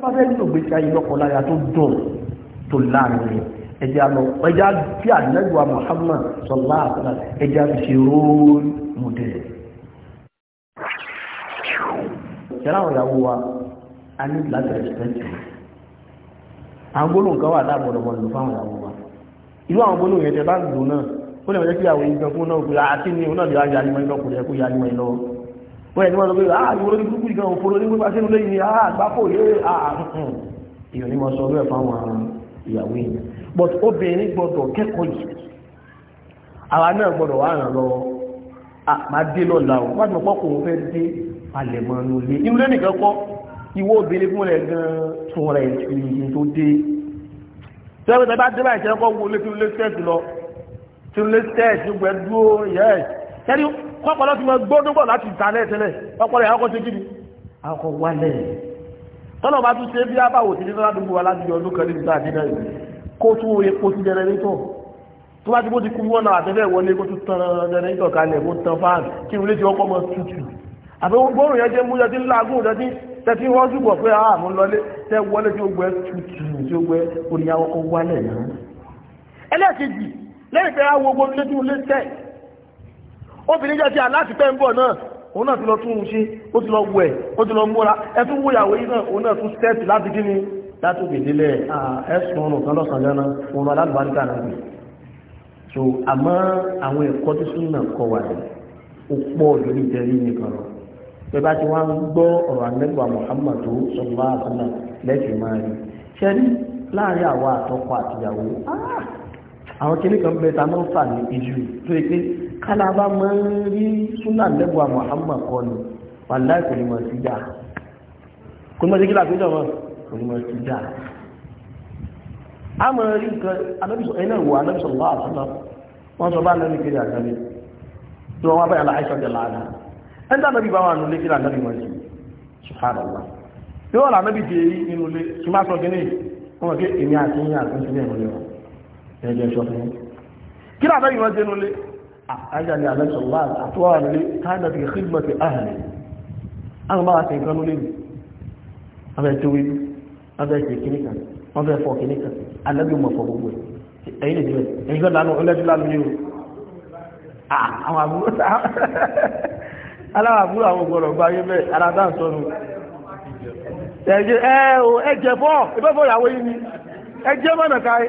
abáfẹ́ nínú gbèsè ayé lọ́kọ̀ọ́láyà tó dùn tó láàrin ẹja lọ ẹja tí àdínẹ́gbà Muhammad sọlá àtàlà ẹja fi ṣe róòl mọ̀dẹ̀. ìṣẹ́lá àwọn ìyàwó wa a ní láti rẹ̀sìpẹ́ǹtì àwọn gbólóhùn kan wà láàbọ̀dọ̀ bọ̀ lù fáwọn ìyàwó wa irú àwọn gbólóhùn yẹn tẹ bá ń lò náà ó lè wọ́n jẹ́ kí àwọn ìgbẹ́ fún náà ah, kúrò wọ́n yẹ kí wọ́n sọ pé ah ìwọ́n ní kúkú ìgbà òfòrò ní pípa sínú lẹ́yìn ni ah àgbákò yé ah, ah, ah, ah. èèyàn ní máa sọ bẹ́ẹ̀ fáwọn ìyàwó yìí but obìnrin gbọ́dọ̀ kẹ́kọ̀ọ́ yìí àwa náà gbọ́dọ̀ wà ràn lọ máa dé lọ́la o wọ́n ti mọ̀ pọ́kùn fẹ́ dé palẹ̀mọ́ ní olè inú lé nìkan kọ́ ìwọ obìnrin fún rẹ̀ gan tún rẹ̀ ìyìn tó dé sọ́yìn pé tẹ́ bá dé báyìí sẹ́kọ̀ọ́ wo lé tún lé sẹ́ẹ̀tì lọ tún lé sẹ́ẹ̀tì gbẹ́dúró yẹ́ẹ̀sì tẹ́lẹ̀ kọ́pọ̀lọ́ ti mọ gbódúgbọ̀ láti ìtàlẹ̀ tẹ́lẹ̀ ọpọlọ ìyàwó ṣe kí ni akọ wálẹ̀ tọ́lọ̀ bá tún ṣe bí abáwò ti nílá dúgbò wa láti ọdún kan níbi tàbí náà kó tún epo sí jẹrẹrétọ̀ tó bá ti bó ti kú wọn náà àtẹ́fẹ́ wọlé kó tún tan jẹrẹrétọ̀ kalẹ̀ kó tan fáàn kí ilé ti ọkọ̀ mọ tutù àbẹ̀ gbóòrùn yẹn jẹ́ mú yẹn ti ń lagún yẹn ti tẹ́tí wọ́n túbọ̀ pé àà ah, mú lọlé tẹ́ wọlé tí ó gbẹ tutù tí ó gbẹ oníyàwó kó wálẹ̀ náà ẹlẹ́ẹ̀kejì lẹ́yìn pé àwọn ogun lójú lé tẹ́ obìnrin jẹ́ ti aláti pẹ́ ń bọ̀ náà òun náà ti lọ tún un ṣe ó ti lọ wẹ̀ ó ti lọ múra ẹ tún wòyàwó yìí náà òun náà tún sẹ́ẹ̀tì láti kí ni láti òkè délẹ̀ ẹ̀sùn ọ̀nà kan lọ́sàn lẹ́nà òun alábàáríkà náà bì so àmọ́ àwọn ẹ̀kọ́ tí sún náà kọ wà ní ó pọ̀ lórí ìtẹ́rí nìkan lọ pé bá ti wá ń gbọ́ ọ̀rọ̀ anẹ́gbà Muhammadu sọ̀rọ̀ àtúnà lẹ́sìn máa rí ṣẹ́rí láàrin àwa àtọ́kọ àtìyàwó ah! àwọn kìíní kan bẹ ta máa ń fà ní ijú tó yẹ pé kálábá máa ń rí súnà lẹ́bùà Muhammad kọ ni wà láì kò ní mọ̀ sí dáa kò ní mọ̀ sí kí láti jọmọ́ kò ní mọ̀ sí dáa a máa rí nǹkan anábìsọ ẹ̀yìn náà wò anábìsọ wà àtúnà wọ́n sọ bá lẹ́nu kiri àgbáyé tí wọ́n wá báyà láì sọ́jà láàdá ẹni tí anábì bá wà nílé kiri anábì mọ̀ sí subhanallah yóò rà anábì dé inú ilé tí má sọ kí ni wọ́n kí èmi àti yín àti yín sílẹ̀ ìmọ̀lẹ́wọ̀n ẹjọ́ ẹ̀ṣọ́ fún yín kí ni àbẹ́yìn wọn dénú lé àjà ni àbẹ́ sọ̀rọ̀ láàrín àtúwà nílé káàdà ti khidmat ahli àwọn bá ti nǹkan lólé abẹ́ tó wí abẹ́ ti kìnìkan wọ́n fẹ́ fọ kìnìkan alẹ́bí mọ̀ fọ gbogbo ẹ̀yìn lè dìbẹ̀ ẹ̀yìn gbọ́dọ̀ lánàá ọlẹ́dí lánàá yìí o àwọn àbúrò aláwọ̀ àbúrò ẹ̀ ẹ̀jẹ̀ fọ́ ìbẹ́fọ́ ìyàwó yìí ni ẹ̀jẹ̀ mọ̀nà káyé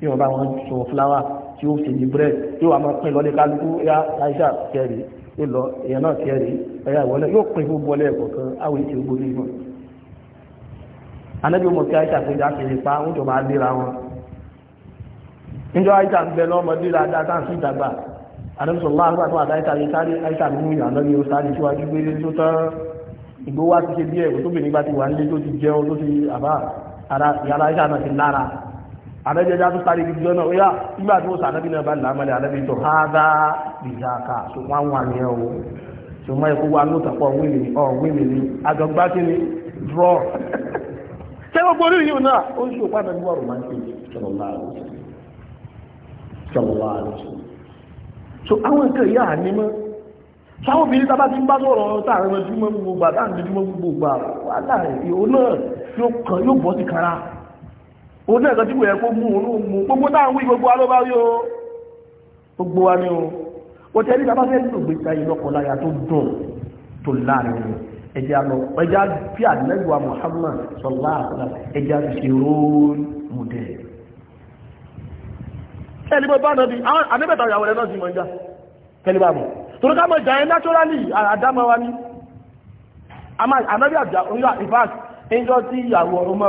bí wọn bá wọn sọ fúláwà tí ó ṣe ní búrẹ́d yóò wà máa pín lọ́lé kálukú ya aisha kẹrì yóò lọ èèyàn náà kẹrì ẹ̀yà ìwọlé yóò pín fún bọ́lẹ̀ kọ̀ọ̀kan àwọn ètò ìgbò ní ìmọ̀ anábì mọ̀kí aisha pé dáṣe lè pa oúnjẹ máa léra wọn níjọ aisha ń bẹ lọ́mọdé dáadáa tá à ń sí ìdàgbà anábì sọ̀rọ̀ láàrín àtúwà aisha yìí sáré aisha mú ìyànà ní oṣù síwájú gbé tó tán ìgbó wá ti ṣe bí ẹ̀kọ́ ànábì ẹja tó sáré gidi jọ́nà óyá nígbà tí ó sà ànábì náà bá là á mọ́lẹ̀ ànábì tó ha bá ìjà ká tó wá wà ní ẹ̀ o tó mọ́ ẹ̀kọ́ wa ló tọ̀pọ̀ wíìlì ọ̀ wíìlì ni àjọgbá kí ni drọ́ ṣé gbogbo orí yìí náà ó ń ṣòpá so àwọn nǹkan ìyá àní mọ́ sáwọn obìnrin tábà ti ń bá sọ̀rọ̀ táàrin ọmọ ìdúmọ̀ gbogbo àtàrin ìdúmọ̀ gbogbo àláàrin ìhò náà yóò bọ́ sí kara òun náà kan tí kò yẹ kó mú òun mú gbogbo táwọn wí gbogbo alóbá rí o gbogbo wa ni o ó tẹ́ nígbà bá fẹ́ lò gbé ta ìlọ́kọ̀ láyà tó dùn tó láàrin ẹja lọ ẹja bí àdínẹ́gbà Muhammad sọlá àkọlá ẹja ṣe róòlù mùdẹ́ẹ̀ ẹlẹ́bọ̀ bá nàbí anẹ́bẹ̀ta ìyàwó rẹ̀ náà sí mọ̀ ń já kẹlẹ́bà mọ̀ torí ká mọ̀ jàyẹ naturally àdámọ́ wa ní anábí àjá ìfàṣ ẹjọ́ tí ìyàwó ọmọ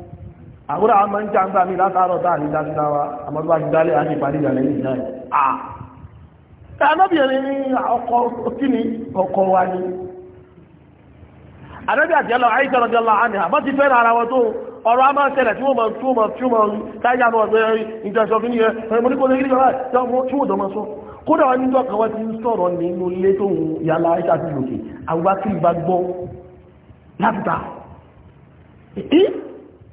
àwúrà àmọ́ ń jà ń gbà mí látàárọ̀ tá àrí dájúdáwà àmọ́gbà jùdálẹ̀ àti ìparí ìyàlẹ̀ yìí náà àà anábìyàn ní ọkọ̀ kí ni ọkọ̀ wa ni anábì àti ẹlọ àìsàn ọjọ́ ọlá àmì àmọ́ ti fẹ́ràn ara wọn tó ọ̀rọ̀ àmọ́ ṣẹlẹ̀ tí wọ́n mọ̀ tí wọ́n mọ̀ tí wọ́n mọ̀ táyà náà gbé ìjọsọ fún yẹn ẹ̀rọ ní kò lè rí ọ̀rọ̀ tí wọ́n dọ̀mọ́ sọ kódà wọn níjọ́ kan wọ́n ti sọ̀rọ̀ nínú ilé tó ń yàrá àìsàn àti lòkè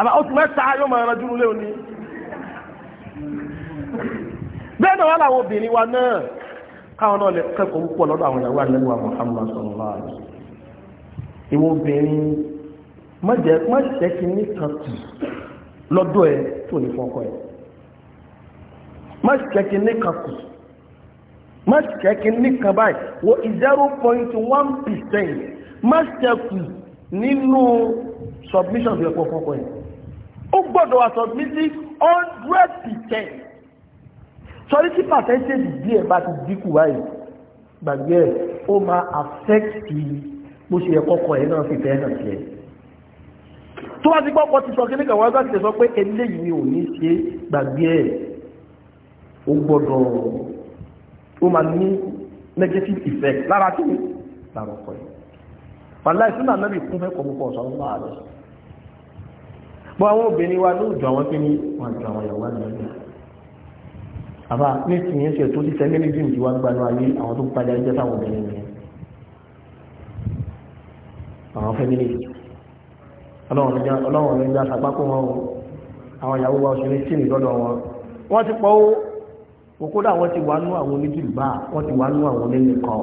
àbá oṣù mẹ́ta yóò máa ranjú lé òní bẹ́ẹ̀ náà wọ́n làwọn obìnrin wa náà káwọn náà lè kẹ́kọ̀ọ́ púpọ̀ lọ́dọ̀ àwọn ìyàwó àlẹ́wà Muhammad sallallahu alaihi wasallam ìwọ obìnrin mọ́jẹ́ kí ní kan tù lọ́dọ̀ ẹ tó ní fọ́kọ́ ẹ mọ́jẹ́ kí ní kan kù mọ́jẹ́ kí ní kan báyìí point one percent mọ́jẹ́ kù nínú submission bí ọ̀pọ̀ fọ́kọ́ ẹ̀ ó gbọ́dọ̀ wà submit hundred percent sọrí tí percentage díẹ̀ bá ti dínkù báyìí gbàgbé ẹ̀ ó máa affect bó ṣe yẹ kọ́kọ́ ẹ̀ náà fi fẹ́ hàn sí ẹ̀ tó bá ti gbọ́kọ́ ti sọ kí nígbà wọ́n gbàgbé sọ pé eléyìí ni ò ní ṣe gbàgbé ẹ̀ ó gbọ́dọ̀ ó máa ní negative effect lára kí ni lára ọkọ̀ yìí wàláì sínú ànábì kún fẹ́ kọ̀ púpọ̀ sọ̀rọ̀ láàárọ̀ pọ̀ àwọn obìnrin wa lóòjọ àwọn kí ni wọ́n jọ àwọn ìyàwó àdìyàwó àbá ní tìyẹn ṣe tó ti sẹ́mẹ́lẹ́dì ní wá gbanú ayé àwọn tó padà jẹ́ táwọn obìnrin nìyẹn àwọn fẹ́mílẹ́dì ọlọ́run ní já sàpákó wọn o àwọn ìyàwó wa òṣèré tìmì lọ́dọ̀ wọn wọ́n ti pọ̀ ó kódà wọ́n ti wà nú àwọn oníjìlbá wọ́n ti wà nú àwọn onílẹ̀kọ̀ọ́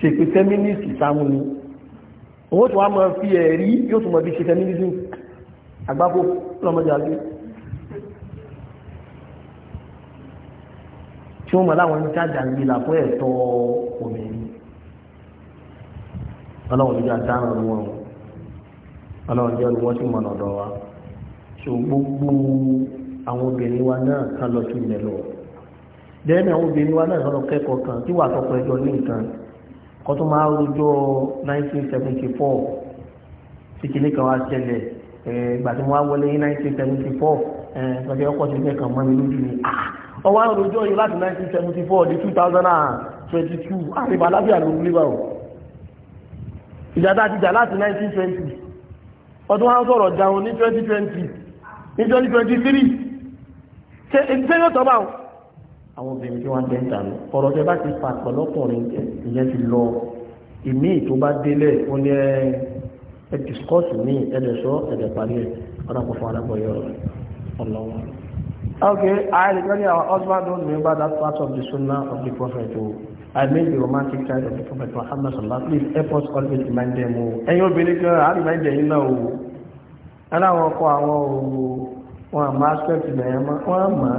ṣèpè fẹ́mílẹ́sì sáwọn ni owó tó wá mọ fi ẹ̀rí yóò tún mọ bí ṣe fẹ́mílẹ́sì àgbákò lọ́mọdé àgbé tí wọ́n mọ̀ láwọn ń jáde àgbélà fún ẹ̀tọ́ obìnrin ọlọ́run ní jáde àrùn ọ̀run wọn ọlọ́run jẹ́ ọdún wọ́n sì mọ̀ lọ́dọ̀ wa ṣò gbogbo àwọn obìnrin wa náà kan lọ sí ilẹ̀ lọ dẹ́ni àwọn obìnrin wa náà lọ kẹ́kọ̀ọ́ kan tí wà tọkọ ẹjọ́ ní nǹkan kọ́ máa rojọ́ 1974 tí kìnnìkan wá ṣẹlẹ̀ Eh, ìgbà tí mo wá wọlé ní 1974 ẹ̀ẹ́dọ̀dẹ̀ eh, ọkọ̀ ti fẹ́ kàn mọ́ mi lójú ni ah, ọwọ́ àwọn olójó yìí láti 1974 di 2022 àríbá ah, lábíà ló ń lébà o ìjàdá ti jà láti 1920 ọdún wọn sọ̀rọ̀ jàun ní 2020 ní 2023 ṣe ìgbésẹ̀ yóò tọ́ bá wọn àwọn obìnrin tí wọ́n dẹ́ńtà lọ ọ̀rọ̀ tẹ bá ti fà pọ̀lọ́pọ̀ ìyẹn ti lọ ìmí tó bá délẹ̀ ó ní ẹ́ẹ́ eh, ẹ discourse mi ẹ̀dẹ̀ sọ ẹ̀dẹ̀ parí ẹ̀ ọ̀dà kò ọlọ́wọ́. okay i regret our husband don't remember that part of the sunnah of the prophet o oh. i mean, the romantic side of the prophet muhammad sallallahu alaihi wasallam please help us always remind them o oh. ẹ̀yin obìnrin kan á remind ẹ̀yin náà o oh. ẹ̀rọ àwọn ọkọ àwọn òwò wọn àmọ́ aspect ìgbẹ̀yẹn mọ́ wọn àmọ́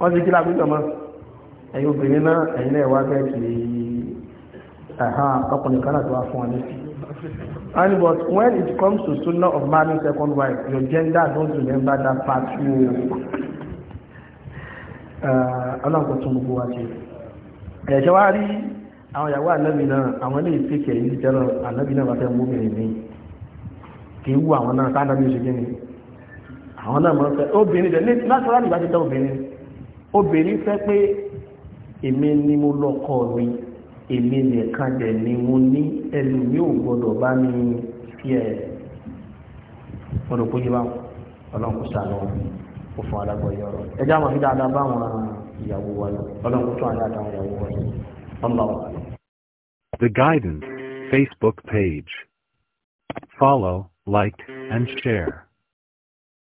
wọ́n ti kí lágbègbè mọ́ ẹ̀yin obìnrin náà ẹ̀yin náà wá bẹ́ẹ̀ kì í ọkùnrin kan náà tó wá fún ọ létí And but when it comes to sunnah of marrying second wife, your gender don't remember that part you. Uh, ọlọ́run tún gbogbo wa ṣe. Ẹ̀ṣẹ́ wá rí àwọn ìyàwó ànábì náà, àwọn ilé ìpèkè yìí jẹ́rọ ànábì náà bá fẹ́ mú obìnrin mi. Kì í wú àwọn náà tá ànábì ṣe gíní. Àwọn náà máa ń fẹ́ obìnrin rẹ̀ ní natural ìbáṣepọ̀ obìnrin. Obìnrin fẹ́ pé èmi ni mo lọ́kọ mi. èmi nìkan ni mo ní bá fi ẹ̀ kó ọlọ́nkú sànù ọ̀rọ̀ ẹjẹ́ àwọn bá àwọn ìyàwó wa lọ ọlọ́nkú tó àyà ìyàwó wa lọ The Guidance Facebook page. Follow, like, and share.